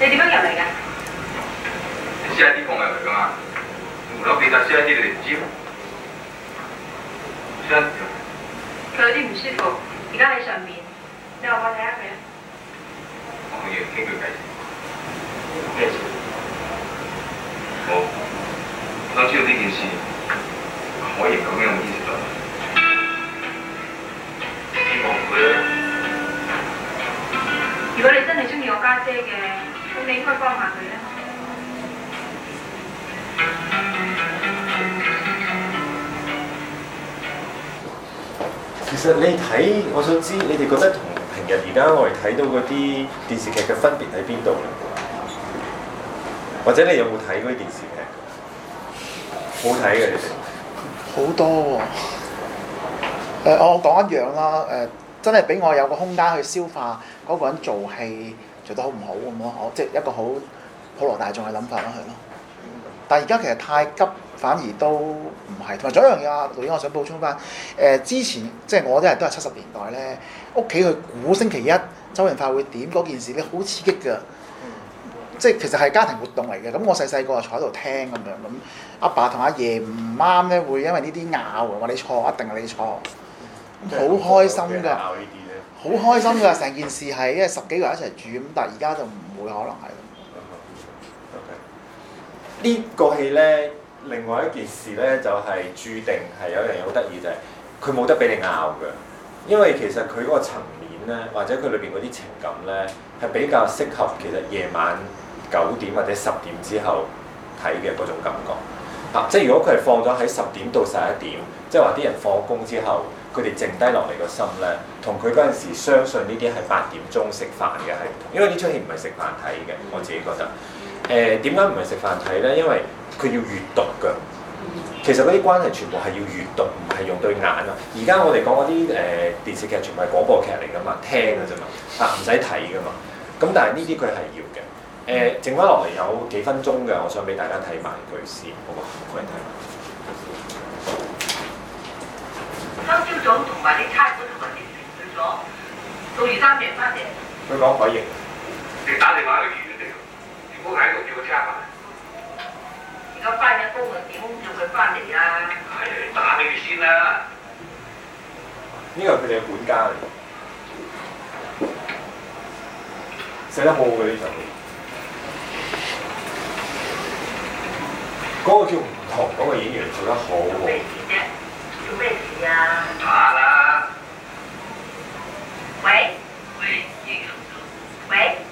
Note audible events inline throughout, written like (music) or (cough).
你點樣入嚟㗎？你 C A D 工入嚟㗎嘛？唔夠技術 C A D 你唔知？唔使佢。佢。有啲唔舒服，而家喺上面，你話我睇下佢啊。我要傾佢計。咩事？好 Yes.、哦。我都知道呢件事。可以咁樣。如果你真係中意我家姐嘅，咁你應該幫下佢咧。其實你睇，我想知你哋覺得同平日而家我哋睇到嗰啲電視劇嘅分別喺邊度？或者你有冇睇嗰啲電視劇？好睇嘅，你哋好多喎，呃。我講一樣啦。誒，呃，真係俾我有個空間去消化。嗰個人做戲做得好唔好咁咯？即係一個好普羅大眾嘅諗法咯，係咯。但係而家其實太急，反而都唔係。同埋仲有一樣嘢啊，導演，我想補充翻。誒，之前即係我啲人都係七十年代咧，屋企去估星期一周潤發會點嗰件事咧，好刺激㗎。即係其實係家庭活動嚟嘅。咁我細細個就坐喺度聽咁樣咁，阿爸同阿爺唔啱咧，會因為呢啲拗，話你錯，一定係你錯，好實開心㗎。好開心㗎，成件事係因為十幾個人一齊住咁，但係而家就唔會可能係。呢、okay. okay. 個戲呢，另外一件事呢，就係是、注定係有人有，就是、得意就係佢冇得俾你拗㗎，因為其實佢嗰個層面呢，或者佢裏邊嗰啲情感呢，係比較適合其實夜晚九點或者十點之後睇嘅嗰種感覺。啊、即係如果佢放咗喺十點到十一點，即係話啲人放工之後。佢哋剩低落嚟個心咧，同佢嗰陣時相信呢啲係八點鐘食飯嘅係唔同，因為呢出戲唔係食飯睇嘅，我自己覺得。誒，點解唔係食飯睇咧？因為佢要閲讀㗎。其實嗰啲關係全部係要閲讀，唔係用對眼啊。而家我哋講嗰啲，誒電視劇，全部係廣播劇嚟㗎嘛，聽㗎啫嘛，啊唔使睇㗎嘛。咁但係呢啲佢係要嘅。誒、呃、剩翻落嚟有幾分鐘㗎，我想俾大家睇埋佢先，好唔好？我哋睇。今朝早同埋啲差館同埋啲同事去咗，到二三日翻嚟。佢講可以，你打電話去預約定。如果喺六月去參加，而家翻緊工啊，點叫佢翻嚟啊？係打俾佢先啦。呢個係佢哋嘅管家嚟，寫得好嘅啲場面。嗰、那個叫吳同，嗰、那個演員做得好喎。喂。喂。喂。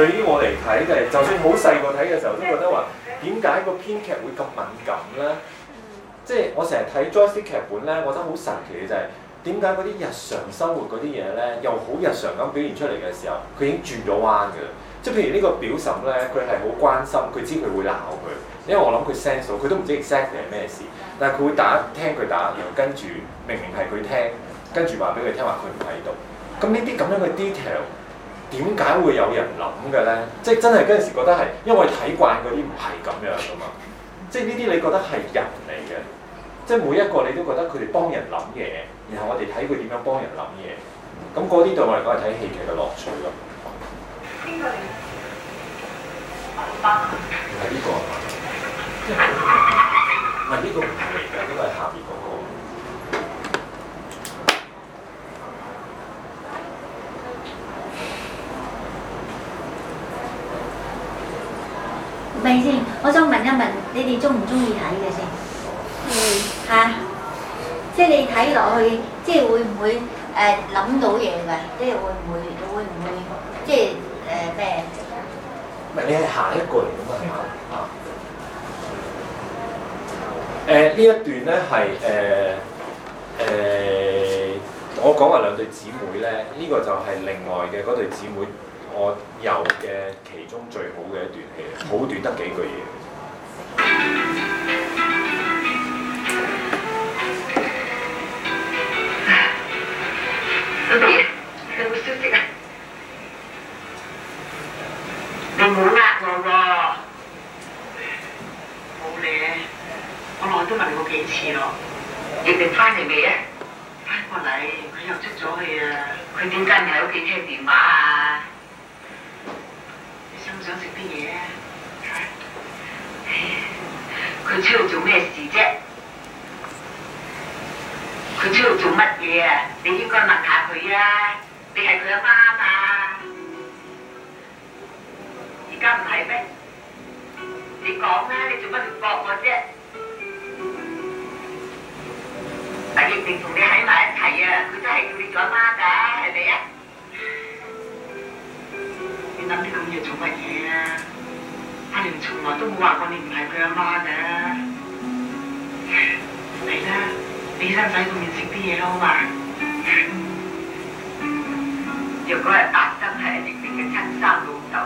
對於我嚟睇嘅，就算好細個睇嘅時候，都覺得話點解個編劇會咁敏感呢？即係我成日睇 Joyce 嘅劇本呢，我覺得好神奇嘅就係點解嗰啲日常生活嗰啲嘢呢，又好日常咁表現出嚟嘅時候，佢已經轉咗彎嘅。即係譬如呢個表嬸呢，佢係好關心，佢知佢會鬧佢，因為我諗佢 sense 佢都唔知 exactly 係咩事，但係佢會打聽佢打，然後跟住明明係佢聽，跟住話俾佢聽話佢唔喺度。咁呢啲咁樣嘅 detail。點解會有人諗嘅咧？即係真係嗰陣時覺得係，因為睇慣嗰啲唔係咁樣噶嘛。即係呢啲你覺得係人嚟嘅，即係每一個你都覺得佢哋幫人諗嘢，然後我哋睇佢點樣幫人諗嘢。咁嗰啲對我嚟講係睇戲劇嘅樂趣咯。邊、嗯呢個嚟？明白。係、呢、呢個啊嘛。唔係呢個唔嚟嘅，呢個係下面。我想問一問你哋中唔中意睇嘅先？嗯，嚇、啊，即係你睇落去，即係會唔會誒諗、呃、到嘢嘅？即係會唔會會唔會即係誒咩？唔、呃、係、呃、你係下一個嚟咁、嗯、啊？嚇、呃！誒呢一段咧係誒誒，我講話兩對姊妹咧，呢、呢個就係另外嘅嗰對姊妹。我有嘅其中最好嘅一段戲，好短，得幾句嘢。阿 B，你有冇消息啊？你冇呃我喎，冇咧。我耐都問你過幾次咯，你哋翻嚟未啊？翻過嚟，佢又出咗去啊。佢點解唔喺屋企聽電話啊？你想食啲嘢啊？佢出去做咩事啫？佢出去做乜嘢啊？你應該問下佢啊！你係佢阿媽嘛？而家唔係咩？你講啦！你做乜唔告我啫？阿月月同你喺埋一齊啊！佢真係叫你做阿媽㗎，係咪啊？月立。做乜嘢啊？阿玲從來都冇話過你唔係佢阿媽嘅。係啦，你使唔使咁樣食啲嘢咯嘛。若果係達生係阿玲嘅親生老豆，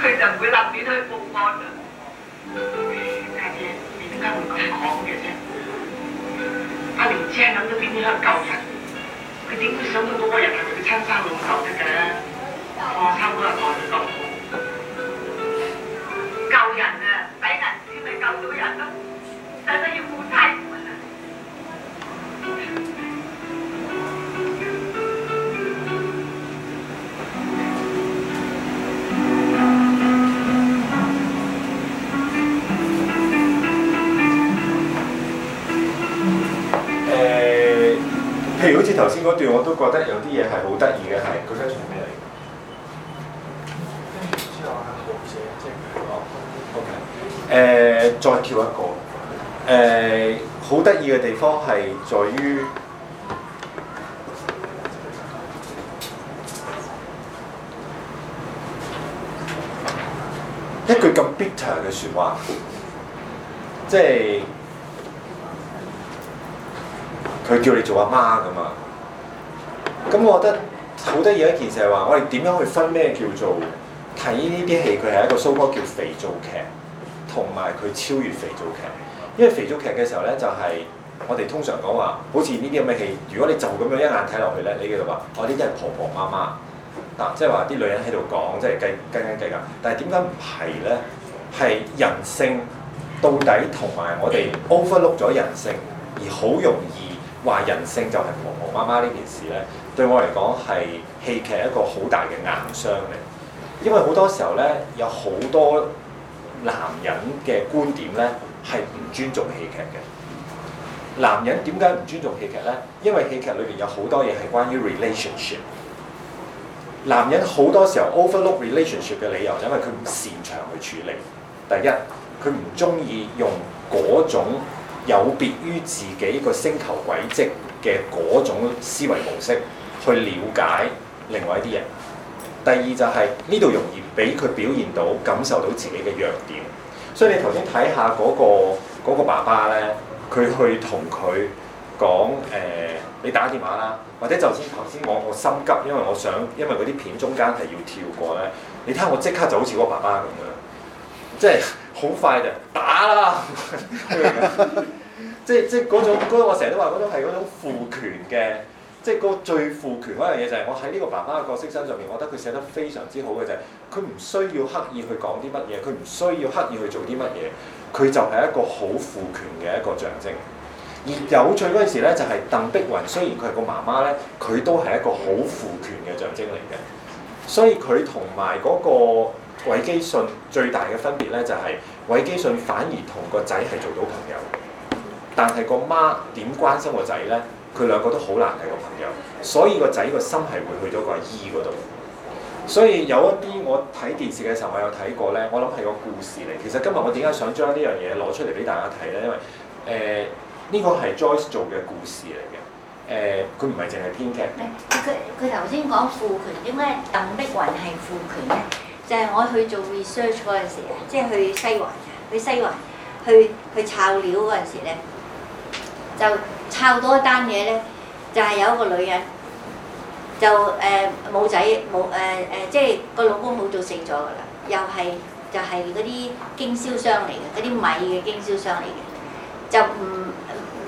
佢就唔會立亂去報案啦。大姐，你點解會咁講嘅啫？阿玲只係諗到邊啲可以救人，佢點會想到嗰個人係佢親生老豆得㗎？救人啊！等人先咪救到人咯，真係要負太負啊！誒、嗯欸，譬如好似頭先嗰段，我都覺得有啲嘢係好得意。O K，嗯，再跳一個，誒好得意嘅地方係在於一句咁 bitter 嘅説話，即係佢叫你做阿媽㗎嘛，咁我覺得好得意一件事係話，我哋點樣去分咩叫做？睇呢啲戲，佢係一個 showcase 叫肥皂劇，同埋佢超越肥皂劇。因為肥皂劇嘅時候呢，就係、是、我哋通常講話，好似呢啲咁嘅戲，如果你就咁樣一眼睇落去呢，你嘅話哦，呢啲係婆婆媽媽，嗱、啊，即係話啲女人喺度講，即係計計計計，計。但係點解唔係呢？係人性到底同埋我哋 overlook 咗人性，而好容易話人性就係婆婆媽媽呢件事呢。對我嚟講係戲劇一個好大嘅硬傷嚟。因為好多時候咧，有好多男人嘅觀點咧係唔尊重戲劇嘅。男人點解唔尊重戲劇咧？因為戲劇裏邊有好多嘢係關於 relationship。男人好多時候 overlook relationship 嘅理由，就係因為佢唔擅長去處理。第一，佢唔中意用嗰種有別於自己個星球軌跡嘅嗰種思維模式去了解另外一啲人。第二就係呢度容易俾佢表現到，感受到自己嘅弱點，所以你頭先睇下嗰個爸爸咧，佢去同佢講誒，你打電話啦，或者就算頭先我我心急，因為我想，因為嗰啲片中間係要跳過咧，你睇下我即刻就好似嗰個爸爸咁樣，即係好快打 (laughs) 就打，是，啦，即係即係嗰種嗰種我成日都話嗰種係嗰種賦權嘅。即係嗰個最父權嗰樣嘢就係我喺呢個爸爸嘅角色身上面，我覺得佢寫得非常之好嘅就係佢唔需要刻意去講啲乜嘢，佢唔需要刻意去做啲乜嘢，佢就係一個好父權嘅一個象徵。而有趣嗰陣時咧，就係鄧碧雲雖然佢係個媽媽咧，佢都係一個好父權嘅象徵嚟嘅。所以佢同埋嗰個韋基信最大嘅分別咧，就係韋基信反而同個仔係做到朋友，但係個媽點關心個仔咧？佢兩個都好難係個朋友，所以個仔個心係會去咗個醫嗰度。所以有一啲我睇電視嘅時候，我有睇過咧，我諗係個故事嚟。其實今日我點解想將呢樣嘢攞出嚟俾大家睇咧？因為誒呢、呃這個係 Joyce 做嘅故事嚟嘅。誒佢唔係淨係編劇。佢佢頭先講傅權點解鄧碧雲係傅權咧？就係、是、我去做 research 嗰陣時啊，即係去西環去西環去去抄料嗰陣時咧就。湊多一單嘢咧，就係、是、有一個女人，就誒冇、呃、仔冇誒誒，即係個老公好早死咗㗎啦，又係就係嗰啲經銷商嚟嘅，嗰啲米嘅經銷商嚟嘅，就唔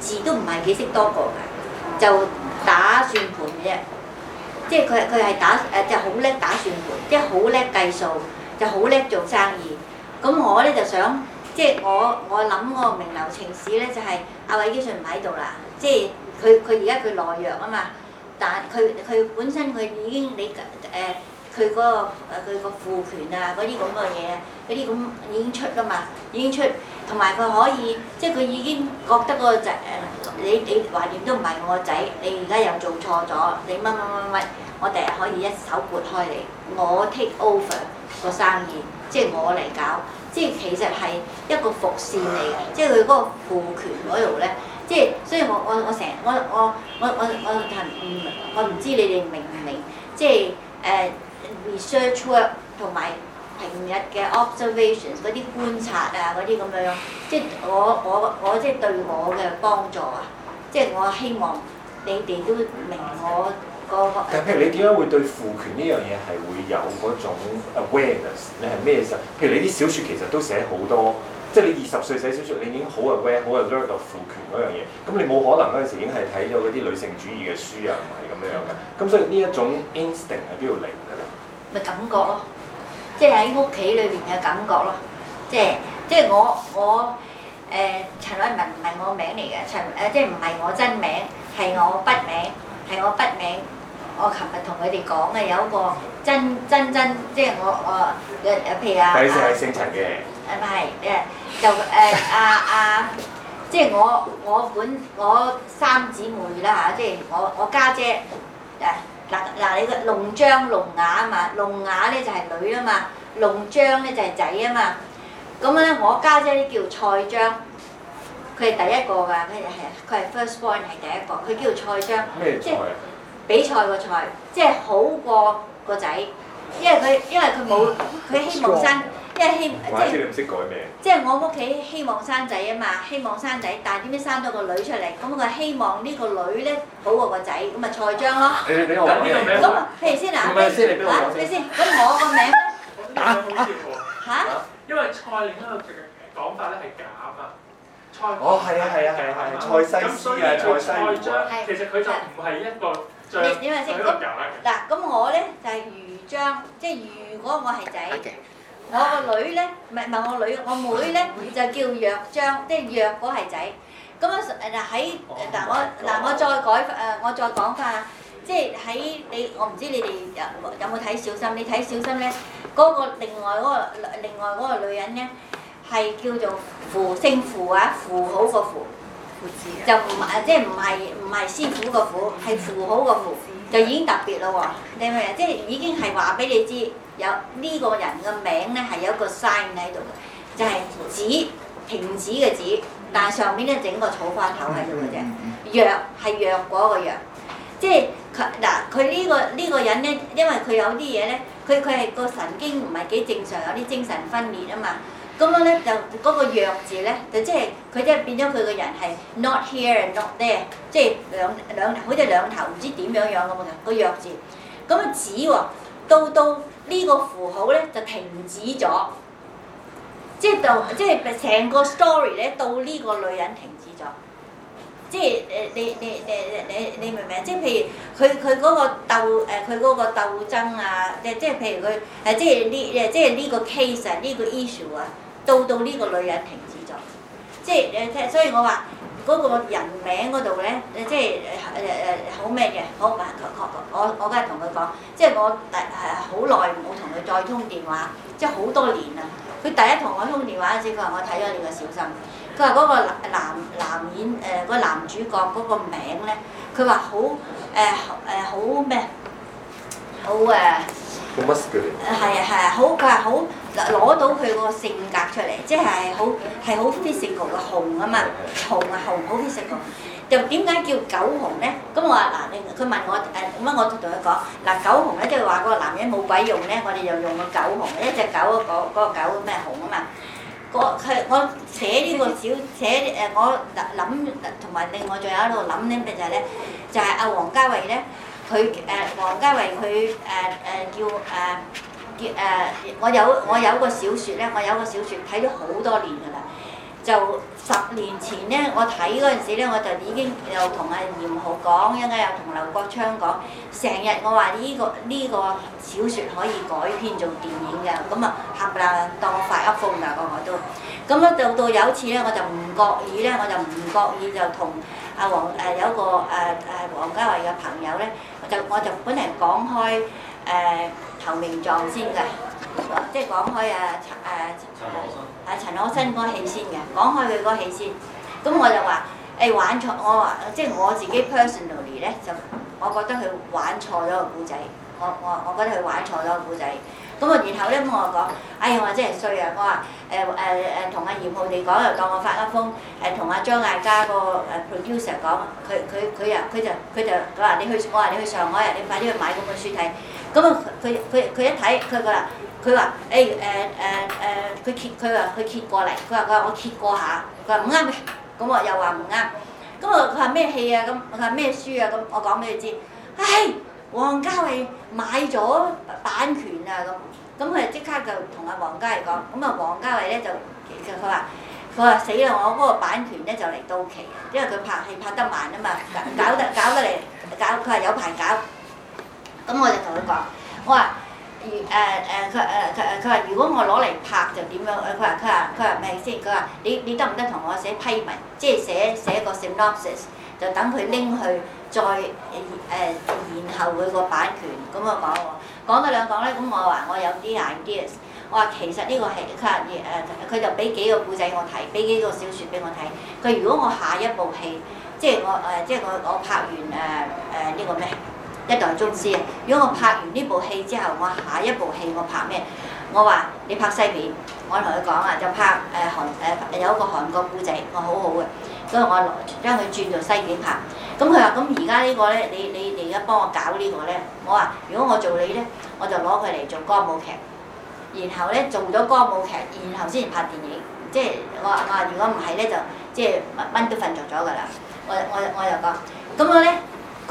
字都唔係幾識多個㗎，就打算盤嘅啫，即係佢佢係打誒就好、是、叻打算盤，即係好叻計數，就好、是、叻做生意。咁我咧就想，即、就、係、是、我我諗嗰個名流情史咧，就係阿偉基信唔喺度啦。即係佢佢而家佢懦弱啊嘛，但係佢佢本身佢已經你誒佢嗰個佢、呃、個賦權啊嗰啲咁嘅嘢啊，嗰啲咁已經出㗎嘛，已經出，同埋佢可以即係佢已經覺得嗰、嗰個仔誒、呃，你你橫掂都唔係我個仔，你而家又做錯咗，你乜乜乜乜，我第日可以一手撥開你，我 take over 個生意，即係我嚟搞，即係其實係一個伏線嚟嘅，即係佢嗰個賦權嗰度咧。即係，雖然我我我成日我我我我我唔，我唔、嗯、知你哋明唔明？即係誒、uh, research work 同埋平日嘅 observations 嗰啲觀察啊，嗰啲咁樣，即係我我我即係對我嘅幫助啊！即係我希望你哋都明我個。但譬如你點解會對父權呢樣嘢係會有嗰種 awareness？你係咩時候？譬如你啲小説其實都寫好多。即係你二十歲寫小說，你已經好有 aware，好有 learn 到賦權嗰樣嘢。咁你冇可能嗰陣時已經係睇咗嗰啲女性主義嘅書啊，唔係咁樣嘅。咁所以呢一種 instinct 係邊度嚟㗎咧？咪感覺咯，即係喺屋企裏邊嘅感覺咯。即係即係我我誒陳韻文唔係我名嚟嘅，陳誒即係唔係我真名，係我筆名，係我筆名。我琴日同佢哋講嘅有一個真真真，即係我我嘅誒譬如啊，第一次係姓陳嘅。呃呃唔係就誒阿阿，即係我我本我三姊妹啦嚇，即係我我家姐誒，嗱嗱，你個龍章龍雅啊嘛，龍雅咧就係女啊嘛，龍章咧就係仔啊嘛。咁咧我家姐咧叫蔡章，佢係第一個㗎，佢係係佢係 first born 係第一個，佢叫蔡章，即係比賽個賽，即係好過個仔，因為佢因為佢冇佢希望生。即係希，即係我屋企希望生仔啊嘛，希望生仔，但係點知生咗個女出嚟，咁佢希望呢個女咧好過個仔，咁咪蔡章咯。咁譬如先啊，譬如先，咁我個名咧吓，因為蔡呢個講法咧係假啊嘛。蔡哦係啊係啊係係，蔡世師嘅蔡章，其實佢就唔係一個。你點啊先咁？嗱咁我咧就係余章，即係如果我係仔。我個女咧，唔係唔係我女，我妹咧就叫藥張，即係藥嗰係仔。咁啊，誒喺嗱我嗱我再改誒，我再講翻，即係喺你，我唔知你哋有有冇睇小心？你睇小心咧，嗰個另外嗰個另外嗰個女人咧，係叫做符，姓符啊，符號個符。符字啊。就唔係，即係唔係唔係師傅個傅，係符號個符，就已經特別嘞喎，你明唔明？即係已經係話俾你知。有呢、這個人嘅名咧係有一個 sign 喺度嘅，就係、是、止，停止嘅止，但係上邊咧整個草花頭喺度嘅啫。若係若果嗰個若，即係佢嗱佢呢個呢、這個人咧，因為佢有啲嘢咧，佢佢係個神經唔係幾正常，有啲精神分裂啊嘛。咁樣咧就嗰、那個若字咧就即係佢即係變咗佢個人係 not here and not there，即係兩兩好似兩頭唔知點樣樣咁嘅、那個若字。咁啊紙喎，都都。刀刀個呢個符號咧就停止咗，即係到即係成個 story 咧到呢個女人停止咗，即係誒你你誒誒你你明唔明？即係譬如佢佢嗰個鬥佢嗰個鬥爭啊，即係譬如佢誒即係呢即係呢個 case 啊呢個 issue 啊，到到呢個女人停止咗，即係誒即係所以我話。嗰個人名嗰度呢，即係誒誒好咩嘅，好、呃，個確、確、確我我梗係同佢講，即係我係係好耐冇同佢再通電話，即係好多年啦。佢第一同我通電話嗰陣時佢話，我睇咗你個小心。佢話嗰個男男演誒個、呃、男主角嗰個名呢，佢話好誒誒好咩，好、呃、誒。好乜嘢？係啊係啊，好佢話好。呃攞到佢個性格出嚟，即係好係好 d i s e n l 嘅紅啊嘛，紅啊紅好 d i s e n l 就點解叫狗紅咧？咁我話嗱，佢、啊、問我誒，咁啊，我同佢講嗱、啊，狗紅咧即係話嗰個男人冇鬼用咧，我哋就用個狗紅，一隻狗嗰、嗰個、狗咩紅啊嘛。佢我寫呢個小寫誒，我諗同埋另外仲有喺度諗咧，咩就係、是、咧，就係阿王家衛咧，佢誒王家衛佢誒誒叫誒。啊誒、呃，我有我有個小說咧，我有個小說睇咗好多年噶啦，就十年前咧，我睇嗰陣時咧，我就已經又同阿嚴浩講，一陣間又同劉國昌講，成日我話呢、呢個呢、呢個小說可以改編做電影嘅，咁啊，冚唪唥，當我發噏瘋啦，個我都，咁啊。到到有一次咧，我就唔覺意咧，我就唔覺意就同阿黃誒有一個誒誒黃家衛嘅朋友咧，我就我就本嚟講開誒。呃投名狀先㗎，即係講開啊,啊陳誒啊陳可辛嗰個戲先嘅，講開佢嗰個戲先，咁我就話誒、欸、玩錯，我話即係我自己 personally 咧，就我覺得佢玩錯咗個故仔，我我我覺得佢玩錯咗個故仔，咁啊然後咧咁我講，哎呀我真係衰、欸、啊，我話誒誒誒同阿葉浩地講又當我發噏風，誒同阿張艾嘉個誒 producer 講：「佢佢佢啊佢就佢就佢話你去，我話你去上海啊，你快啲去買本書睇。咁啊！佢佢佢一睇，佢佢話：“佢話誒誒誒誒，佢揭，佢話：“佢揭過嚟，佢話：“佢話我揭過下，佢話：“唔啱嘅，咁我又話：“唔啱。咁啊，佢話：“咩戲啊？咁佢話：“咩書啊？咁我講俾佢知，唉，王家衛買咗版權啊！咁，咁佢即刻就同阿王家衛講：“咁啊，王家衛咧就其實佢話：“佢話死啦！我嗰個版權咧就嚟到期啊，因為佢拍戲拍得慢啊嘛，搞得搞得嚟，搞佢話：“有排搞。咁我就同佢講，我話：如誒佢誒佢佢話如果我攞嚟拍就點樣？佢話佢話佢話唔係先，佢話你你得唔得同我寫批文？即係寫寫個 synopsis，就等佢拎去再誒誒延後佢個版權。咁啊冇，講到兩講咧，咁我話我有啲 idea。我話其實呢個係佢話誒，佢就俾幾個故仔我睇，俾幾個小説俾我睇。佢如果我下一部戲，即係我誒，即係我即我，我拍完誒誒呢個咩？一代宗師啊！如果我拍完呢部戲之後，我下一部戲我拍咩？我話你拍西片，我同佢講啊，就拍誒韓誒、啊啊、有一個韓國古仔，我好好嘅，所以我攞將佢轉做西片拍。咁佢話：咁而家呢個咧，你你你而家幫我搞呢個咧？我話：如果我做你咧，我就攞佢嚟做歌舞劇。然後咧做咗歌舞劇，然後先拍電影。即係我話：我話如果唔係咧，就即係蚊都瞓着咗㗎啦。我我我就講，咁我咧。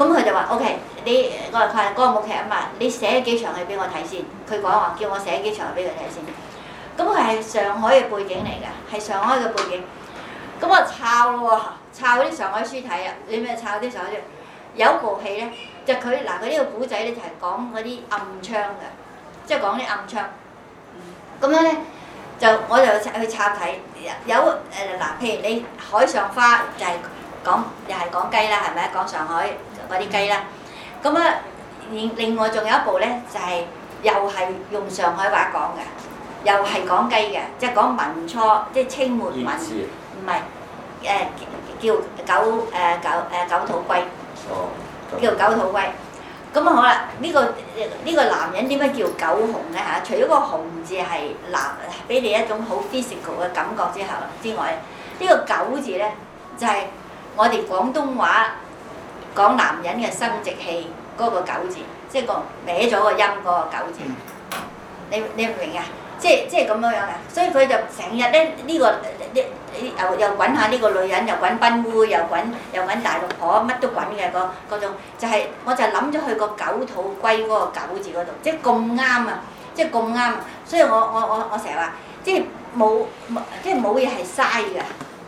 咁佢就話：OK，你我話佢係歌舞劇啊嘛，你寫幾場戲俾我睇先。佢講話叫我寫幾場戲俾佢睇先。咁佢係上海嘅背景嚟㗎，係上海嘅背景。咁我抄咯喎，抄嗰啲上海書睇啊！你咪抄啲上海書。有一部戲呢，就佢嗱佢呢個古仔呢，就係講嗰啲暗槍㗎，即係講啲暗槍。咁樣呢，就我就去抄睇，有誒嗱譬如你《海上花》就係講，又係講雞啦，係咪講上海？嗰啲雞啦，咁啊另另外仲有一部咧，就係、是、又係用上海話講嘅，又係講雞嘅，即係講文初，即係清末文，唔係誒叫九誒九誒九土龜，哦，叫九、呃、九,九土龜。咁啊好啦，呢、這個呢、這個男人點解叫九熊咧嚇、啊？除咗個熊字係男，俾你一種好 physical 嘅感覺之後之外，呢、這個九字呢」字咧就係、是、我哋廣東話。講男人嘅生殖器嗰個九字，即係個歪咗個音嗰個九字。你你明唔明啊？即係即係咁樣樣啊！所以佢就成日咧呢、呢個又又滾下呢個女人，又滾賓妹，又滾又滾大陸婆，乜都滾嘅、嗰個嗰種、嗰個，就係、係、我就諗咗去個九土龜嗰個九字嗰度，即係咁啱啊！即係咁啱。所以我我我我成日話，即係冇即係冇嘢係嘥嘅。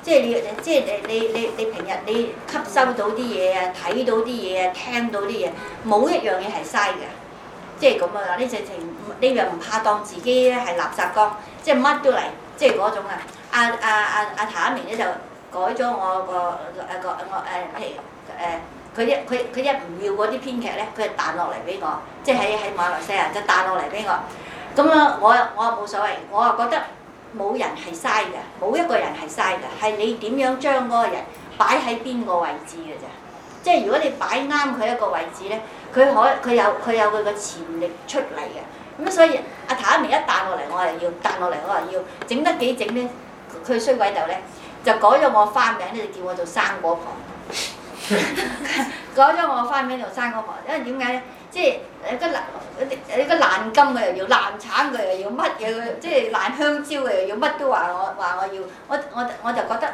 即係你，即係你，你，你，你平日你吸收到啲嘢啊，睇到啲嘢啊，聽到啲嘢，冇一樣嘢係嘥嘅。即係咁啊，呢直情你又唔怕當自己係垃圾缸，即係乜都嚟，即係嗰種啊。阿阿阿阿譚一麟咧就改咗我個誒個誒誒譬如誒，佢一佢佢一唔要嗰啲編劇咧，佢就彈落嚟俾我，即係喺喺馬來西亞就彈落嚟俾我。咁樣我我冇所謂，我啊覺得。冇人係嘥㗎，冇一個人係嘥㗎，係你點樣將嗰個人擺喺邊個位置嘅啫？即係如果你擺啱佢一個位置咧，佢可佢有佢有佢嘅潛力出嚟嘅。咁所以阿譚一眉一彈落嚟，我又要彈落嚟，我又要整得幾整咧？佢衰鬼度咧，就改咗我花名咧，你就叫我做生果婆。 (laughs) 改咗我花名做生果婆，因為點解咧？即係誒個爛，嗰啲誒個爛金佢又要爛橙佢又要乜嘢佢，即係爛香蕉佢又要乜都話我話我要，我我我就覺得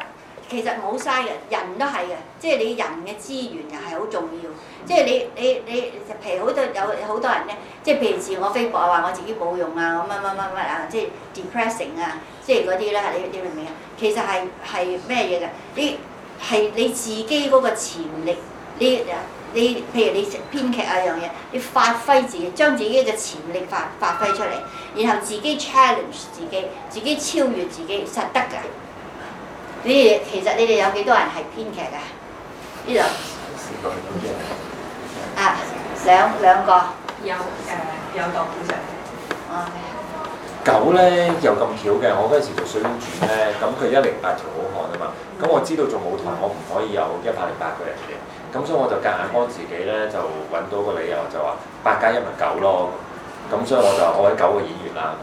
其實冇嘥嘅，人都係嘅，即係你人嘅資源又係好重要，即係你你你譬如好多有好多人咧，即係譬如自我菲薄，啊話我自己冇用啊，乜乜乜乜啊，即係 depressing 啊，即係嗰啲咧，你你明唔明啊？其實係係咩嘢嘅？你係你自己嗰個潛力，你啊。你譬如你編劇啊樣嘢，你發揮自己，將自己嘅潛力發發揮出嚟，然後自己 challenge 自己，自己超越自己，實得㗎。你其實你哋有幾多人係編劇㗎？呢度啊，兩兩個有誒、呃、有當編劇，九咧又咁巧嘅，我嗰陣時做水滸傳咧，咁佢一零八條好漢啊嘛，咁我知道做舞台我唔可以有一百零八個人嘅。咁所以我就夾硬幫自己咧，就揾到個理由就話八加一咪九咯。咁所以我就我揾九個演員啦。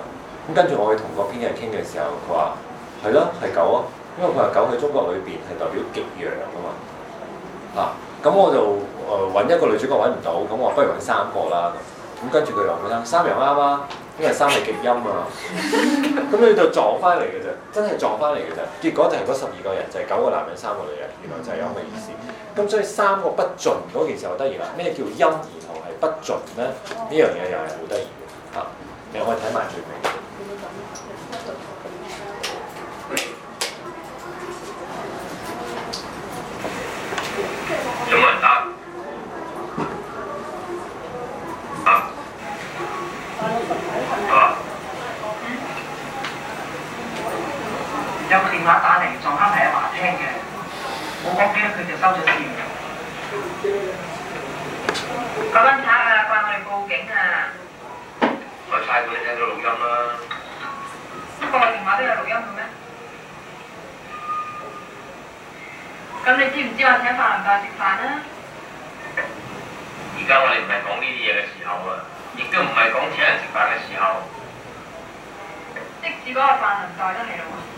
咁跟住我去同個編劇傾嘅時候，佢話係咯係九啊，因為佢話九喺中國裏邊係代表極陽啊嘛。嗱，咁我就誒揾一個女主角揾唔到，咁我不如揾三個啦。咁跟住佢又講啦，三樣啱啊，因為三係極陰啊。咁你就撞翻嚟嘅啫，真係撞翻嚟嘅啫。結果就係嗰十二個人就係九個男人三個女人，原來就係咁嘅意思。咁所以三個不盡嗰件事好得意啦，咩叫陰，然後係不盡呢？呢樣嘢又係好得意嘅嚇，你可以睇埋最尾。有個電話打嚟，撞啱係阿華聽嘅。啊啊嗯我驚佢哋收咗線㗎，搞緊賊啊！怪我哋報警啊！我猜佢哋聽到錄音啦。不過電話都有錄音嘅咩？咁你知唔知我請飯臨袋食飯啊？而家我哋唔係講呢啲嘢嘅時候啊，亦都唔係講請人食飯嘅時候。即使嗰個飯臨袋都係咯。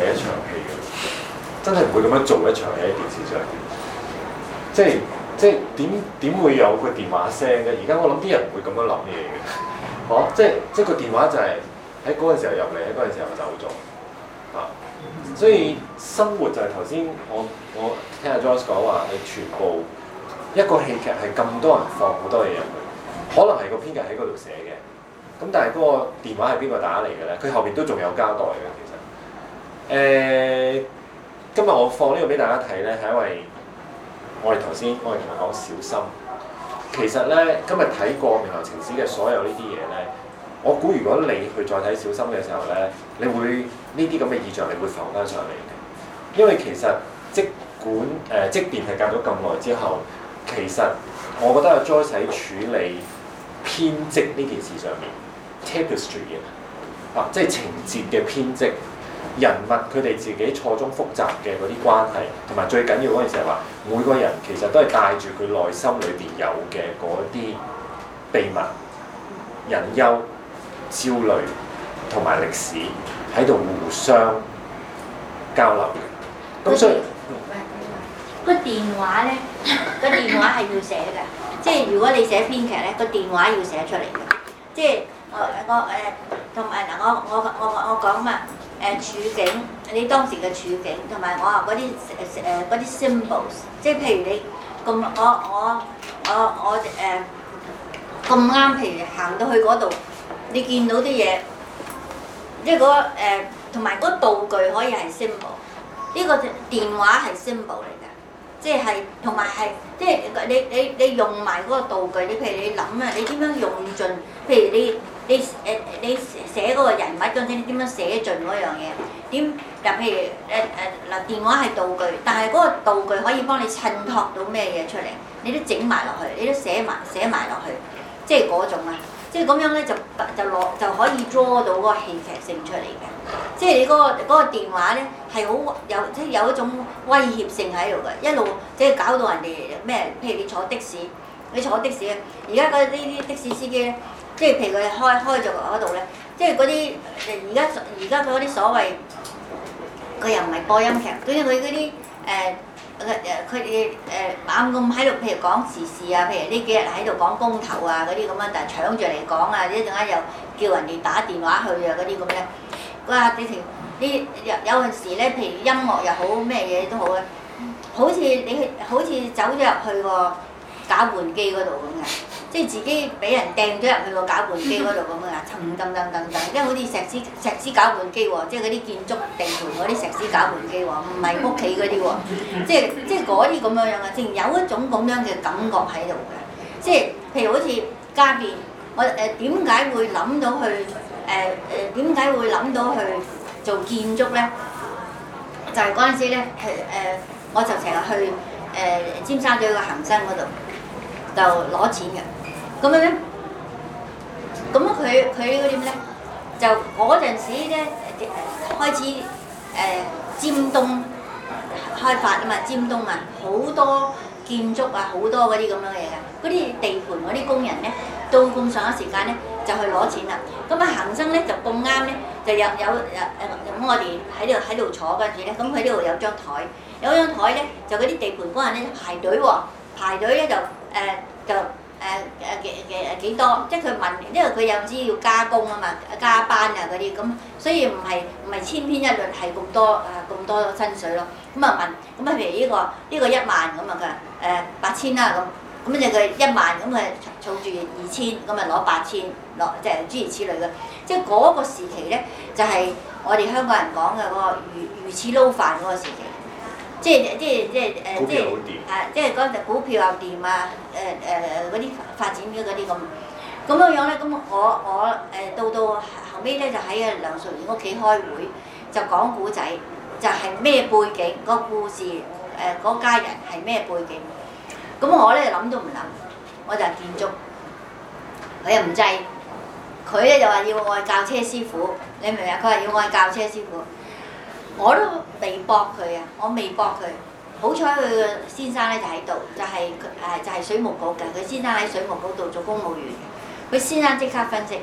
嘅一場戲嘅，真係唔會咁樣做一場戲喺電視上邊，即係即係點點會有個電話聲嘅？而家我諗啲人唔會咁樣諗嘢嘅，嚇、啊！即係即係個電話就係喺嗰陣時候入嚟，喺嗰陣時候走咗啊！所以生活就係頭先我我聽阿 Joyce 講話，你全部一個戲劇係咁多人放好多嘢入去，可能係個編劇喺嗰度寫嘅，咁但係嗰個電話係邊個打嚟嘅咧？佢後邊都仲有交代嘅。誒、嗯，今日我放呢個俾大家睇咧，係因為我哋頭先我哋同講小心，其實咧今日睇過《名流情史》嘅所有呢啲嘢咧，我估如果你去再睇《小心》嘅時候咧，你會呢啲咁嘅意象，你會浮翻上嚟嘅。因為其實即管誒、呃，即便係隔咗咁耐之後，其實我覺得阿 Joyce 喺處理編織呢件事上，tapestry 面嘅，啊、嗯，即係、嗯、情節嘅編織。人物佢哋自己錯綜複雜嘅嗰啲關係，同埋最緊要嗰陣時係話，每個人其實都係帶住佢內心裏邊有嘅嗰啲秘密、隱憂、焦慮同埋歷史喺度互相交流嘅。咁所以個是、嗯、電話咧，個電話係要寫嘅，即係如果你寫編劇咧，個電話要寫出嚟嘅。即係我我誒，同埋嗱，我我、呃、我我講嘛。誒處境，你當時嘅處境，同埋我話嗰啲誒誒嗰啲 symbols，即係譬如你咁我我我我誒咁啱，呃、譬如行到去度，你見到啲嘢，即係嗰誒同埋個道具可以係 symbol，呢個電話係 symbol 嚟嘅。即係，同埋係，即係你你你用埋嗰個道具，你譬如你諗啊，你點樣用盡？譬如你你誒你寫嗰個人物當中，你點樣寫盡嗰樣嘢？點？嗱，譬如誒誒嗱電話係道具，但係嗰個道具可以幫你襯托到咩嘢出嚟？你都整埋落去，你都寫埋寫埋落去，即係嗰種啊！即係咁樣咧，就就攞就可以 draw 到嗰個戲劇性出嚟嘅。即係你嗰個嗰個電話咧，係好有即係有一種威脅性喺度嘅，一路即係搞到人哋咩？譬如你坐的士，你坐的士，而家嗰啲啲的士司機咧，即係譬如佢開開咗嗰度咧，即係嗰啲誒，而家而家嗰啲所謂佢又唔係播音劇，總之佢嗰啲誒。誒佢哋誒猛咁喺度，譬如講時事啊，譬如呢幾日喺度講公投啊嗰啲咁樣。但係搶住嚟講啊，一陣間又叫人哋打電話去啊嗰啲咁樣。佢話直情你有有陣時咧，譬如音樂又好咩嘢都好啊，好似你去，好似走咗入去喎。攪拌機嗰度咁嘅，即係自己俾人掟咗入去個攪拌機嗰度咁嘅，沉浸浸浸浸，即係好似石屎石屎攪拌機喎，即係嗰啲建築地盤嗰啲石屎攪拌機喎，唔係屋企嗰啲喎，即係即係嗰啲咁樣樣嘅，即係有一種咁樣嘅感覺喺度嘅，即係譬如好似家邊，我誒點解會諗到去誒誒點解會諗到去做建築咧？就係嗰陣時咧，係、呃、誒，我就成日去誒、呃、尖沙咀個恆生嗰度。就攞錢嘅，咁樣咧，咁佢佢嗰啲咩咧？就嗰陣時咧，開始誒、呃、尖東開發啊嘛，尖東啊，好多建築啊，好多嗰啲咁樣嘢嘅、啊，嗰啲地盤嗰啲工人咧，到咁上下時間咧，就去攞錢啦。咁啊，恆生咧就咁啱咧，就有有誒咁，我哋喺度喺度坐緊住咧，咁佢呢度有張台，有，有，呢有張台咧，就嗰啲地盤工人咧排隊喎，排隊咧、啊、就。誒、呃、就誒幾、呃、幾，嘅幾多？即係佢問，因為佢又唔知要加工啊嘛，加班啊嗰啲，咁所以唔係，唔係千篇一律係咁多啊咁多薪水咯。咁啊問咁啊譬如呢、呢個呢、呢個一萬咁啊佢話誒八千啦咁，咁你佢一萬咁啊，儲住二千，咁啊，攞八千攞即係諸如此類嘅。即係嗰個時期咧，就係、是、我哋香港人講嘅嗰個魚，魚翅撈飯嗰個時期。即係，即係，即係，誒即係，啊！即係嗰陣時，股票又掂啊！誒誒，嗰啲發展嘅嗰啲咁，咁樣樣咧咁我我誒到到後尾咧就喺啊梁淑賢屋企開會，就講古仔，就係、是、咩背景、個故事誒嗰、那個、家人係咩背景？咁我咧諗都唔諗，我就係建築。佢又唔制，佢咧就話要愛教車師傅，你明唔明？啊？佢話要愛教車師傅。我都未搏佢啊！我未搏佢，好彩佢嘅先生咧就喺度，就係佢，誒就係水務局嘅。佢先生喺水務局度做公務員，佢先生即刻分析，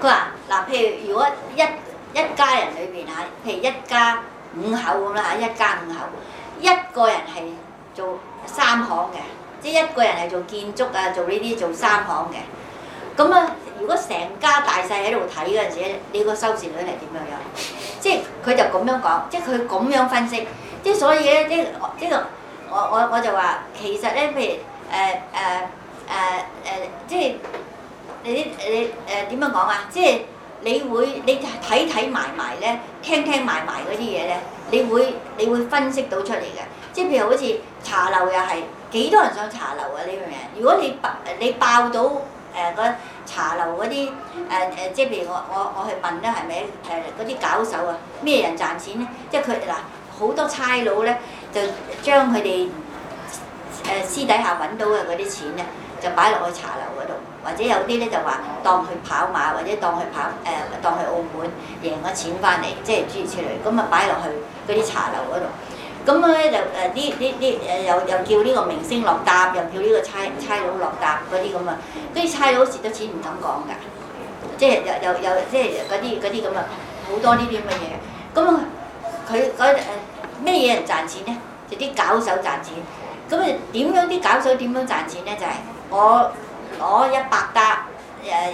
佢話嗱，譬如如果一一家人裏邊嚇，譬如一家五口咁啦嚇，一家五口，一個人係做三行嘅，即係一個人係做建築啊，做呢啲做三行嘅。咁啊！如果成家大細喺度睇嗰陣時咧，你個收視率係點樣樣？即係佢就咁樣講，即係佢咁樣分析。即係所以咧，即係即係我我我就話，其實咧，譬如誒誒誒誒，即係你啲你誒點樣講啊？即係你會你睇睇埋埋咧，聽聽埋埋嗰啲嘢咧，你會你會分析到出嚟嘅。即係譬如好似茶樓又係幾多人上茶樓啊？呢樣嘢，如果你，你爆你爆到。誒個、呃、茶樓嗰啲誒誒，即係譬如我我我去問咧，係咪誒嗰啲搞手啊？咩人賺錢咧？即係佢嗱好多差佬咧，就將佢哋誒私底下揾到嘅嗰啲錢咧，就擺落去茶樓嗰度，或者有啲咧就話當去跑馬，或者當去跑誒、呃、當去澳門贏咗錢翻嚟，即係諸如此類，咁啊擺落去嗰啲茶樓嗰度。咁咧就誒呢呢呢誒又又叫呢個明星落搭，又叫呢個差差佬落搭嗰啲咁啊。跟住差佬蝕咗錢唔敢講㗎，即係又又又即係嗰啲嗰啲咁啊，好多呢啲咁嘅嘢。咁啊，佢嗰誒咩嘢人賺錢咧？就啲搞手賺錢。咁啊，點樣啲搞手點樣賺錢咧？就係我攞一百擔誒誒誒，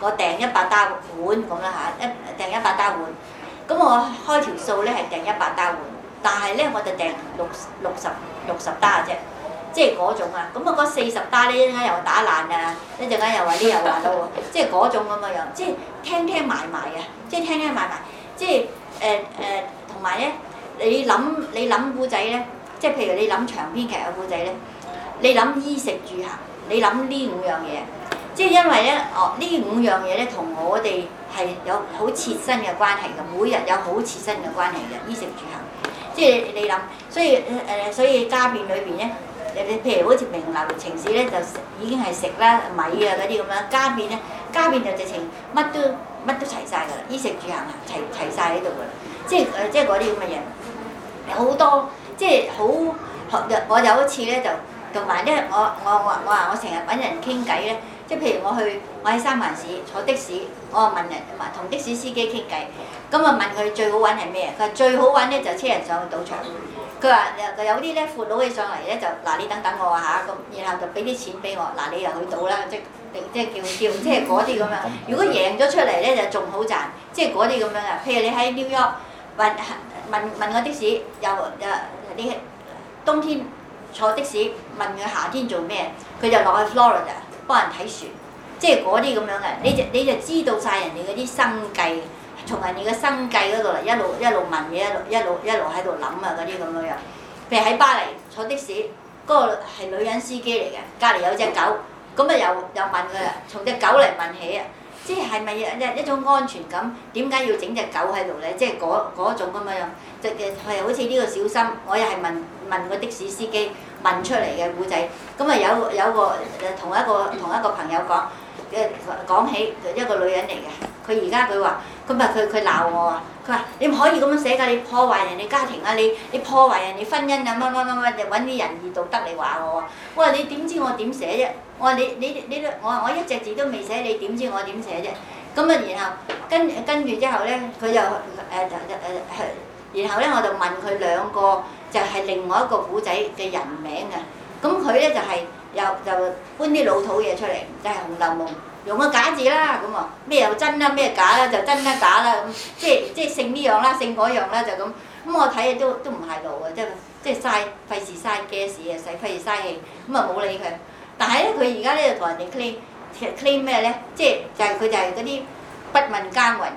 我訂一百擔碗咁啦嚇，一訂一百擔碗。咁我開條數咧係訂一百擔碗。但係咧，我就訂六六十六十打啊，啫，即係嗰種啊。咁啊，嗰四十打咧一陣間又打爛啊，一陣間又話呢又話到咯，即係嗰種咁嘅樣，即係聽聽埋埋啊，即係聽聽埋埋，即係誒誒，同埋咧，你諗你諗古仔咧，即係譬如你諗長篇劇嘅古仔咧，你諗衣食住行，你諗呢五樣嘢，即係因為咧，哦，呢五樣嘢咧同我哋係有好切身嘅關係嘅，每日有好切身嘅關係嘅，衣食住行。即係你諗，所以誒所以家變裏邊呢，你你譬如好似名流城市呢，就已經係食啦米啊嗰啲咁樣，家變呢，家變就直情乜都乜都齊晒噶啦，衣食住行齊齊晒喺度噶啦，即係即係嗰啲咁嘅嘢，好多，即係好。我有一次呢，就同埋呢，我我我我我成日揾人傾偈呢，即係譬如我去我喺三藩市坐的士。我問人同的士司機傾偈，咁啊問佢最好揾係咩？佢話最好揾咧就車人上去賭場。佢話有啲咧闊佬起上嚟咧就嗱你等等我啊。嚇，咁然後就俾啲錢俾我，嗱、啊、你又去賭啦，即係即係叫叫即係嗰啲咁樣。如果贏咗出嚟咧就仲好賺，即係嗰啲咁樣啊。譬如你喺 New York 問問問個的士，又又你冬天坐的士，問佢夏天做咩？佢就落去 Florida 幫人睇船。即係嗰啲咁樣嘅，你就你就知道晒人哋嗰啲生計，從人哋嘅生計嗰度嚟一路一路問嘢，一路一路一路喺度諗啊嗰啲咁樣樣。譬如喺巴黎坐的士，嗰個係女人司機嚟嘅，隔離有隻狗，咁啊又又問佢啦，從隻狗嚟問起啊，即係咪一一種安全感？點解要整隻狗喺度咧？即係嗰嗰種咁樣樣，就就係好似呢個小心。我又係問問個的士司機問出嚟嘅古仔，咁啊有有個誒同一個同一個朋友講。誒講起一個女人嚟嘅，佢而家佢話咁啊，佢佢鬧我啊！佢話你唔可以咁樣寫㗎，你破壞人哋家,家庭啊！你你破壞人哋婚姻啊！乜乜乜乜，揾啲仁義道德嚟話我喎！我話你點知我點寫啫？我話你你你都我話我一隻字都未寫，你點知我點寫啫？咁啊，然後跟跟住之後咧，佢就誒就就誒然後咧我就問佢兩個就係另外一個古仔嘅人名啊！咁佢咧就係。又就搬啲老土嘢出嚟，即係《紅樓夢》，用個假字啦咁啊，咩又真啦，咩假啦，就真啦假啦咁，即係即係勝呢樣啦，勝嗰樣啦就咁。咁我睇啊都都唔係路啊，即係即係嘥費事嘥嘅事啊，使費事嘥氣，咁啊冇理佢。但係呢，佢而家呢就同人哋 claim claim 咩呢？即係就係佢就係嗰啲不問耕耘，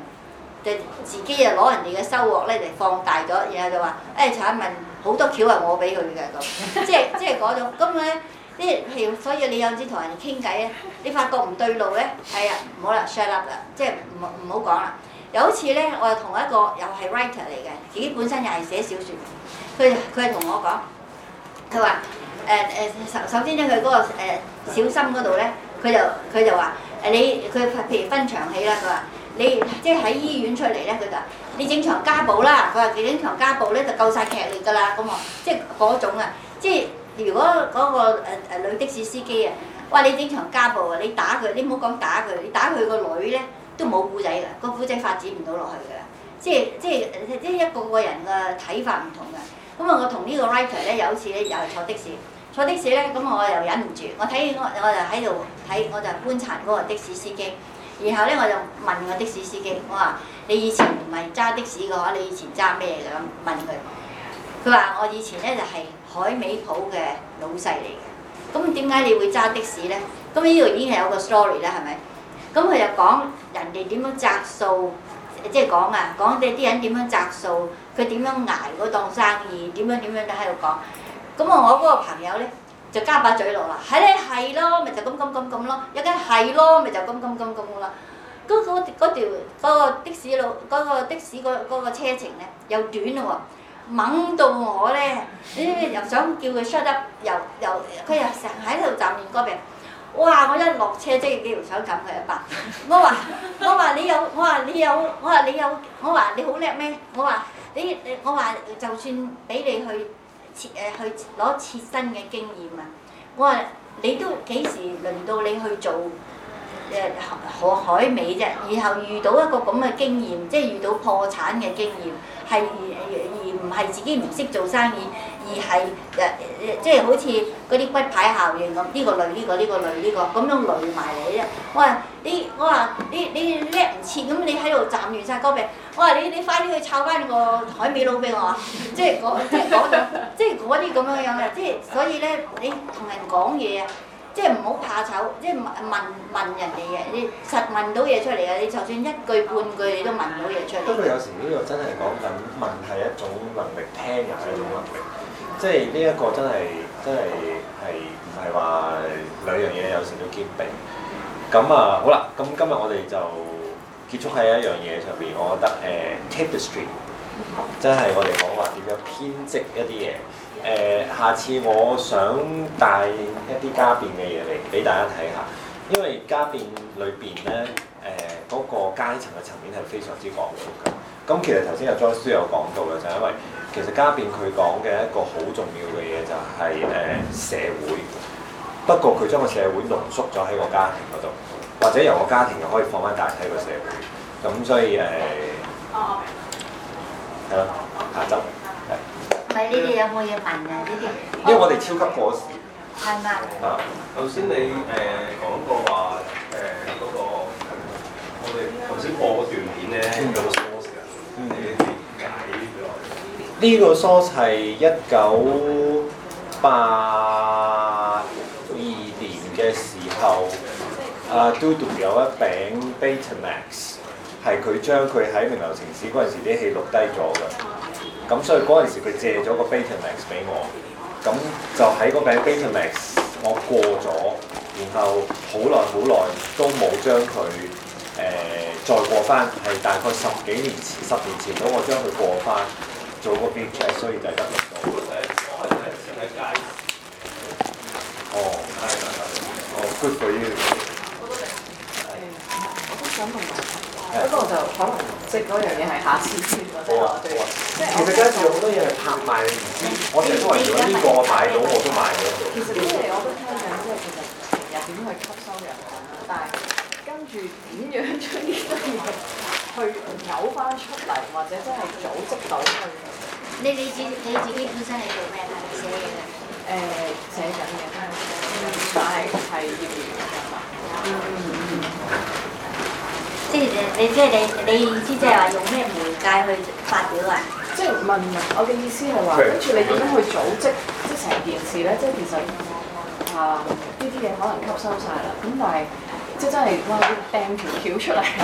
就自己啊攞人哋嘅收穫呢，嚟放大咗，然後就話誒陳韻文好多橋係我俾佢㗎咁，即係即係嗰種咁呢。即係譬如，所以你有時同人傾偈咧，你發覺唔對路呢？係啊，唔好啦 shut up 啦，即係唔好講啦。有一次呢，我係同一個又係 writer 嚟嘅，自己本身又係寫小説，佢佢係同我講，佢話誒誒首先呢，佢嗰個誒小心嗰度呢，佢就佢就話誒你佢譬如分場戲啦，佢話你即係喺醫院出嚟呢，佢就你整場家暴啦，佢話你整場家，家暴呢，就夠晒劇烈㗎啦，咁啊，即係嗰種啊，即係。如果嗰個誒誒女的士司機啊，哇！你正常家暴啊，你打佢，你唔好講打佢，你打佢個女咧都冇古仔噶，個古仔發展唔到落去噶啦。即係即係即係一個個人嘅睇法唔同噶。咁啊，我同呢個 writer 咧有一次咧又係坐的士，坐的士咧咁我又忍唔住，我睇我我就喺度睇我就觀察嗰個的士司機，然後咧我就問個的士司機，我話你以前唔係揸的士嘅話，你以前揸咩嘅？咁問佢，佢話我以前咧就係、是。海美普嘅老細嚟嘅，咁點解你會揸的士呢？咁呢度已經係有個 story 啦，係咪？咁佢就講人哋點樣擲數，即係講啊，講啲啲人點樣擲數，佢點樣捱嗰檔生意，點樣點樣都喺度講。咁啊，我嗰個朋友呢，就加把嘴落啦，係呢？係咯，咪就咁咁咁咁咯，有間係咯，咪就咁咁咁咁噶啦。咁嗰嗰條嗰個的士路，嗰個的士嗰嗰個車程呢，又短嘞喎。掹到我咧，你、哎、又想叫佢 shut up，又又佢又成日喺度站面嗰邊。哇！我一落車，即係幾乎想冚佢一巴，我話：「我話你有，我話你有，我話你有，我話你好叻咩？我話你，我話就算俾你去切誒，去攞切身嘅經驗啊！我話你都幾時輪到你去做誒何海美啫？以後遇到一個咁嘅經驗，即係遇到破產嘅經驗，係。唔係自己唔識做生意，而係誒誒，即係好似嗰啲骨牌效應咁，呢個累，呢個呢個累，呢個咁樣累埋嚟啫。我話你，我話你你叻唔切，咁你喺度賺完晒高餅。我話你你快啲去炒翻個海味佬俾我啊！即係嗰即係嗰即係嗰啲咁樣樣嘅，即係 (laughs) 所以咧，你同人講嘢啊！即係唔好怕醜，即係問問人哋嘅，你實問到嘢出嚟嘅，你就算一句半句，你都問到嘢出嚟。不過、嗯、有時呢個真係講緊問係一種能力，嗯、聽人係一種能力，即係呢一個真係真係係唔係話兩樣嘢有時都兼備。咁啊，好啦，咁今日我哋就結束喺一樣嘢上邊。我覺得誒、uh，tapestry，真係我哋講話點樣編織一啲嘢。誒，下次我想帶一啲家變嘅嘢嚟俾大家睇下，因為家變裏邊咧，誒、呃、嗰、那個階層嘅層面係非常之廣闊㗎。咁、嗯、其實頭先阿 Joyce 有講到嘅就係、是、因為，其實家變佢講嘅一個好重要嘅嘢就係、是、誒、呃、社會，不過佢將個社會濃縮咗喺個家庭嗰度，或者由個家庭又可以放翻大體個社會。咁、嗯、所以誒，係、呃、啦，下、oh. 誒，你哋有冇嘢問啊？呢啲因為我哋超級過時。係嘛吧？啊，頭先你誒、呃、講過話誒嗰個，我哋頭先播嗰段片咧，呢、嗰個 source 呢？解呢、嗯、個 source 係一九八二年嘅時候，啊、 (laughs) uh, Dodo 有一柄 Betamax，係佢將佢喺名流城市嗰陣時啲戲錄低咗㗎。咁所以嗰陣時佢借咗個 Betamax 俾我，咁就喺嗰餅 Betamax 我過咗，然後好耐好耐都冇將佢誒、呃、再過翻，係大概十幾年前、十年前咁，我將佢過翻做個 Betamax 所以就係得唔到。哦，係係係，哦 good for you。我都想問問。嗰個就可能識嗰樣嘢係下次先咯、哦。好啊對，即係其實跟有好多嘢係你拍賣，我成日都為咗呢個我買到我都買咗。其實即係我都聽緊，即係其實成日點去吸收人，但係跟住點樣將呢啲嘢去扭翻出嚟，或者真係組織到去。你你自你自己本身係做咩啊？寫嘢嘅。誒，寫緊嘢啦，但係係。你即係你，你意思即係話用咩媒介去發表啊？即係問我嘅意思係話，跟住你點樣去組織即係成件事咧？即係其實啊，呢啲嘢可能吸收晒啦。咁但係即係真係哇，掟條橋出嚟啊！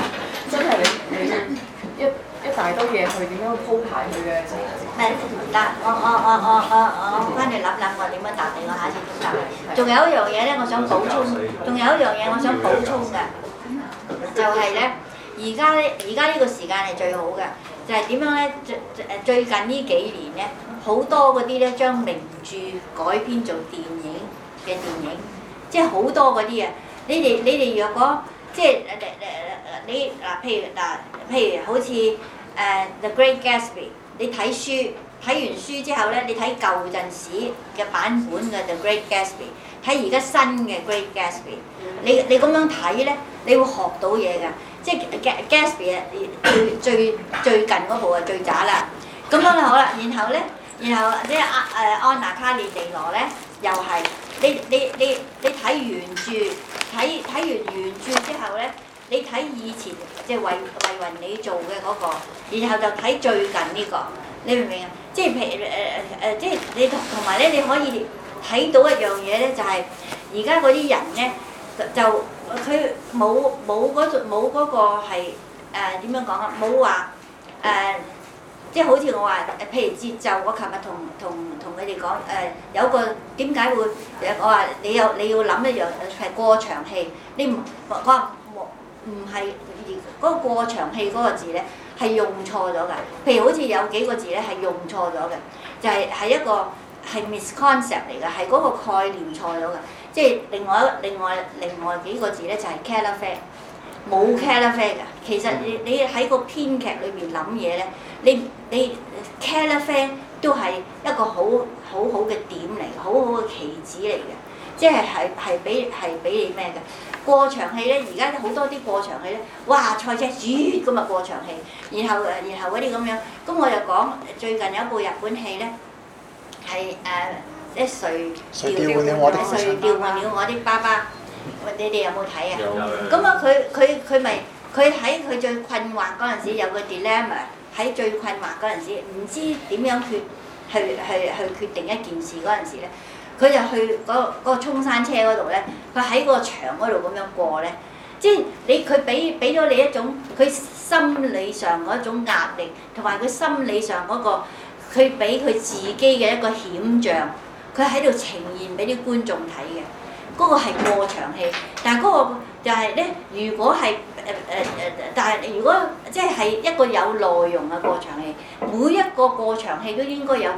真係你你一一大堆嘢去點樣鋪排佢嘅？唔得，我我我我我我翻嚟諗諗，我點樣答你？我下次點答？仲有一樣嘢咧，我想補充。仲有一樣嘢我想補充嘅，就係咧。而家咧，而家呢個時間係最好嘅，就係、是、點樣咧？最誒最近呢幾年咧，好多嗰啲咧將名著改編做電影嘅電影，即係好多嗰啲啊！你哋你哋若果，即係誒誒誒，你嗱譬如嗱譬如好似誒、呃《The Great Gatsby》，你睇書睇完書之後咧，你睇舊陣時嘅版本嘅《The Great Gatsby》，睇而家新嘅《Great Gatsby》，你你咁樣睇咧，你會學到嘢㗎。即係《Gatsby》啊，最最最近嗰部啊最渣啦。咁樣好啦，然後咧，然後即係，阿誒安娜卡列尼娜咧又係你你你你睇原著，睇睇完原著之後咧，你睇以前即係為為為你做嘅嗰、那個，然後就睇最近呢、這個，你明唔明啊？即係，係誒誒誒，即係，你同埋咧，你可以睇到一樣嘢咧，就係而家嗰啲人咧就。佢冇冇嗰種冇嗰個係誒點樣講啊？冇話誒，即係好似我話，譬如節奏，我琴日同同同佢哋講誒，有個點解會誒？我話你有你要諗一樣係過場戲，你唔我話唔係嗰個過場戲嗰個字咧係用錯咗嘅。譬如好似有幾個字咧係用錯咗嘅，就係、係、係一個係 misconcept 嚟嘅，係嗰個概念錯咗嘅。即係另外一另外另外幾個字咧，就係 carefree，冇 carefree 嘅。其實你你喺個編劇裏邊諗嘢咧，你你 carefree 都係一個好好好嘅點嚟，好好嘅棋子嚟嘅。即係係係俾係俾你咩嘅過場戲咧？而家好多啲過場戲咧，哇！菜姐，噉、呃、咪過場戲，然後誒，然後嗰啲咁樣。咁我就講最近有一部日本戲咧，係誒。Uh, 誰吊了我啲爸爸，你哋有冇睇啊？有。咁啊，佢佢佢咪佢喺佢最困惑嗰陣時，有個 dilemma 喺最困惑嗰陣時，唔知點樣決去去去決定一件事嗰陣時咧，佢就去嗰、那個嗰、那個、衝山車嗰度咧，佢喺個牆嗰度咁樣過咧，即、就、係、是、你佢俾俾咗你一種佢心理上嗰一種壓力，同埋佢心理上嗰、那個佢俾佢自己嘅一個險象。佢喺度呈現俾啲觀眾睇嘅，嗰個係過場戲，但係嗰個就係咧，如果係誒誒誒，但係如果即係一個有內容嘅過場戲，每一個過場戲都應該有誒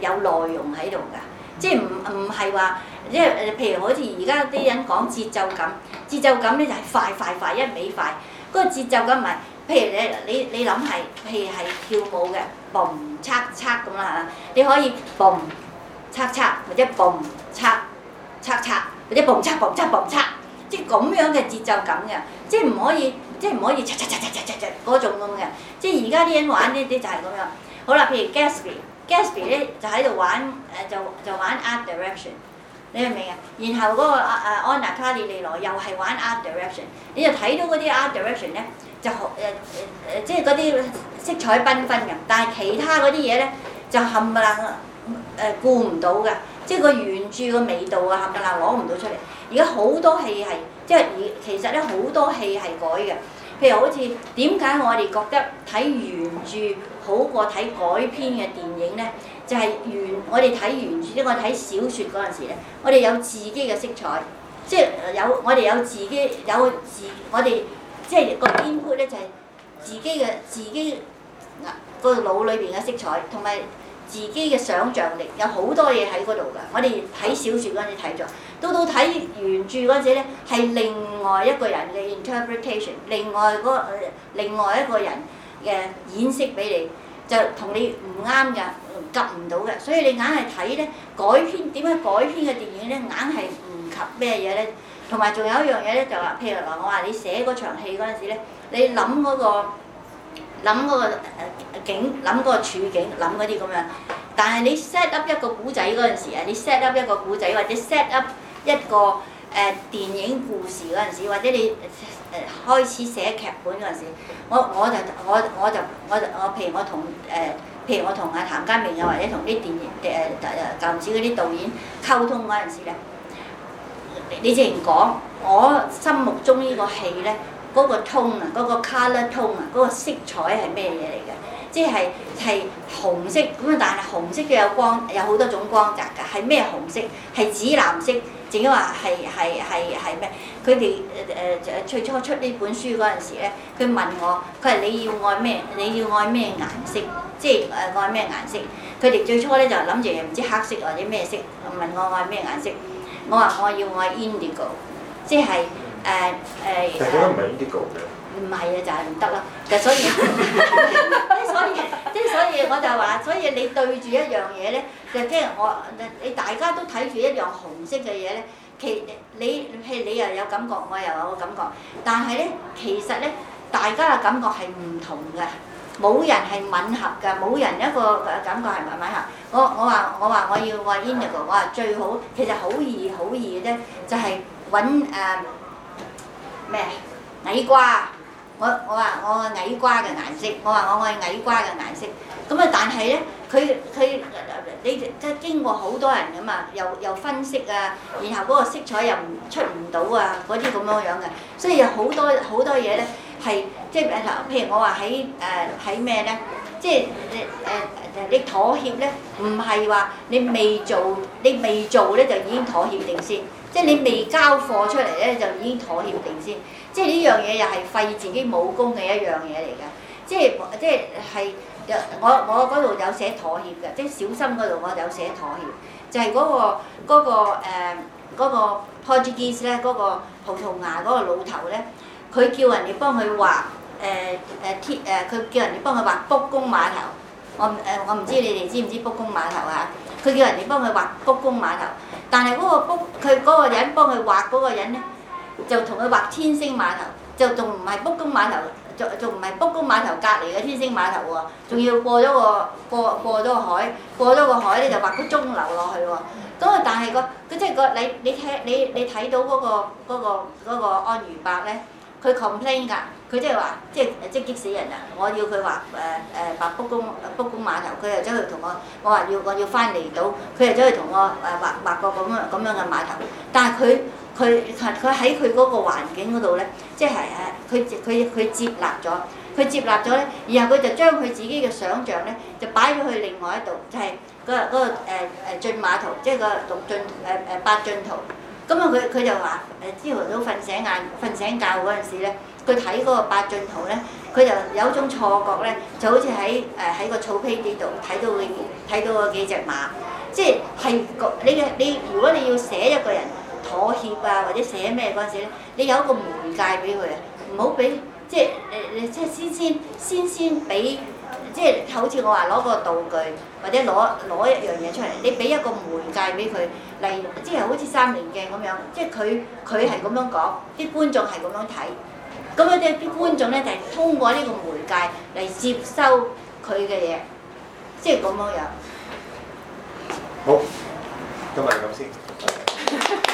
有內容喺度㗎，即係唔唔係話，即係譬如好似而家啲人講節奏感，節奏感咧就係快快快一味快，嗰個節奏感唔係，譬如你你你諗係譬如係跳舞嘅嘣，嚓嚓 m cha 咁啦，你可以嘣。擦擦或者嘣擦擦擦或者嘣擦嘣擦嘣擦，即係咁樣嘅節奏感嘅，即係唔可以即係唔可以擦擦擦擦擦擦擦嗰種咁嘅。即係而家啲人玩呢啲就係咁樣。好啦，譬如 Gatsby，Gatsby 咧就喺度玩誒，就就玩 art direction，你明唔明啊？然後嗰、那個阿阿 Anna Karenina 又係玩 art direction，你就睇到嗰啲 art direction 咧就誒誒、呃、即係嗰啲色彩繽紛嘅，但係其他嗰啲嘢咧就冚唪唥。誒顧唔到嘅，即係個原著個味道啊，冚唪唥，攞唔到出嚟。而家好多戲係，即係而其實咧好多戲係改嘅。譬如好似點解我哋覺得睇原著好過睇改編嘅電影咧？就係、係、原我哋睇原著，即係我睇小説嗰陣時咧，我哋有自己嘅色彩，即係有我哋有自己有自我哋即係個編劇咧就係自己嘅自己嗱、嗰個腦裏邊嘅色彩同埋。自己嘅想像力有好多嘢喺嗰度㗎，我哋睇小説嗰陣時睇咗，到到睇原著嗰陣時呢，係另外一個人嘅 interpretation，另外嗰、那個、另外一個人嘅演繹俾你，就同你唔啱㗎，及唔到㗎，所以你硬係睇呢改編點解改編嘅電影呢？硬係唔及咩嘢呢？同埋仲有一樣嘢呢，就話譬如話，我話你寫嗰場戲嗰陣時呢，你諗嗰、嗰個。諗嗰個誒景，諗嗰個處境，諗嗰啲咁樣。但係你 set up 一個古仔嗰陣時啊，你 set up 一個古仔，或者 set up 一個誒電影故事嗰陣時，或者你誒開始寫劇本嗰陣時，我我就我我就我我就我譬如我同誒譬如我同阿譚家明啊，或者同啲電影誒舊時嗰啲導演溝通嗰陣時咧，你自然講我心目中呢個戲呢。嗰個 tone 啊，嗰個 colour tone 啊，嗰個色彩係咩嘢嚟嘅？即係係紅色，咁但係紅色都有光，有好多種光澤㗎。係咩紅色？係紫藍色，定話係係係係咩？佢哋誒誒最初出呢本書嗰陣時咧，佢問我，佢話你要愛咩？你要愛咩顏色？即係誒愛咩顏色？佢哋最初咧就諗住唔知黑色或者咩色問我愛咩顏色？我話我要愛 indigo，即係。誒都唔係呢啲嘅，唔係、uh, uh, 啊，就係唔得咯。嘅所以，即 (laughs) 所以，即所以，我就係話，所以你對住一樣嘢咧，就即我，你大家都睇住一樣紅色嘅嘢咧，其你係你，你又有感覺，我又有感覺，但係咧，其實咧，大家嘅感覺係唔同嘅，冇人係吻合嘅，冇人一個嘅感覺係吻合。我我話我話我要我話 ina 哥，我話最好，其實好易好易嘅啫，就係揾誒。Uh, 咩矮瓜啊？我我話我愛矮瓜嘅顏色，我話我愛矮瓜嘅顏色。咁啊，但係呢，佢佢你即係經過好多人㗎嘛，又又分析啊，然後嗰個色彩又唔出唔到啊，嗰啲咁樣樣嘅，所以有好多好多嘢呢，係即係譬如我話喺誒喺咩呢？即係你誒你妥協呢，唔係話你未做你未做呢，就已經妥協定先。即係你未交貨出嚟咧，就已經妥協定先。即係呢樣嘢又係廢自己武功嘅一樣嘢嚟㗎。即係即係係，我我嗰度有寫妥協㗎。即係小心嗰度我有寫妥協。就係嗰個嗰個誒嗰個 Portuguese 咧，嗰個葡萄牙嗰個老頭咧，佢叫人哋幫佢畫誒誒鐵誒，佢、呃呃、叫人哋幫佢畫卜公碼頭。我誒、呃、我唔知你哋知唔知卜公碼頭啊？佢叫人哋幫佢畫卜公碼頭，但係嗰個卜，佢嗰個人幫佢畫嗰個人咧，就同佢畫天星碼頭，就仲唔係卜公碼頭，仲仲唔係卜公碼頭隔籬嘅天星碼頭喎，仲要過咗個過過咗個海，過咗個海咧就畫個鐘樓落去喎，咁啊但係個佢即係個你你睇，你你睇到嗰個嗰個嗰個安如伯咧。佢 complain 噶，佢即係話，即係即係激死人啊！我要佢話誒誒，白、呃、卜、呃、公卜公碼頭，佢又走去同我，我話要我要翻嚟到，佢又走去同我誒，畫畫個咁樣咁樣嘅碼頭。但係佢佢佢喺佢嗰個環境嗰度咧，即係誒，佢佢佢接納咗，佢接納咗咧，然後佢就將佢自己嘅想象咧，就擺咗去另外一度，就係、是、嗰個嗰個誒誒駿馬圖，即、就、係、是、個六駿誒誒八駿圖。咁啊！佢佢就話誒，朝頭早瞓醒晏瞓醒覺嗰陣時呢，佢睇嗰個八駿圖呢，佢就有種錯覺呢，就好似喺誒喺個草皮地度睇到佢，睇到嗰幾隻馬，即係係你嘅你，如果你要寫一個人妥協啊，或者寫咩嗰陣時呢，你有一個媒介俾佢啊，唔好俾即係誒，你即係先先先先俾。即係好似我話攞個道具，或者攞攞一樣嘢出嚟，你俾一個媒介俾佢，例如即係好似三棱鏡咁樣，即係佢佢係咁樣講，啲觀眾係咁樣睇，咁啊啲觀眾咧就係通過呢個媒介嚟接收佢嘅嘢，即係咁樣樣。好，今日咁先。 (laughs)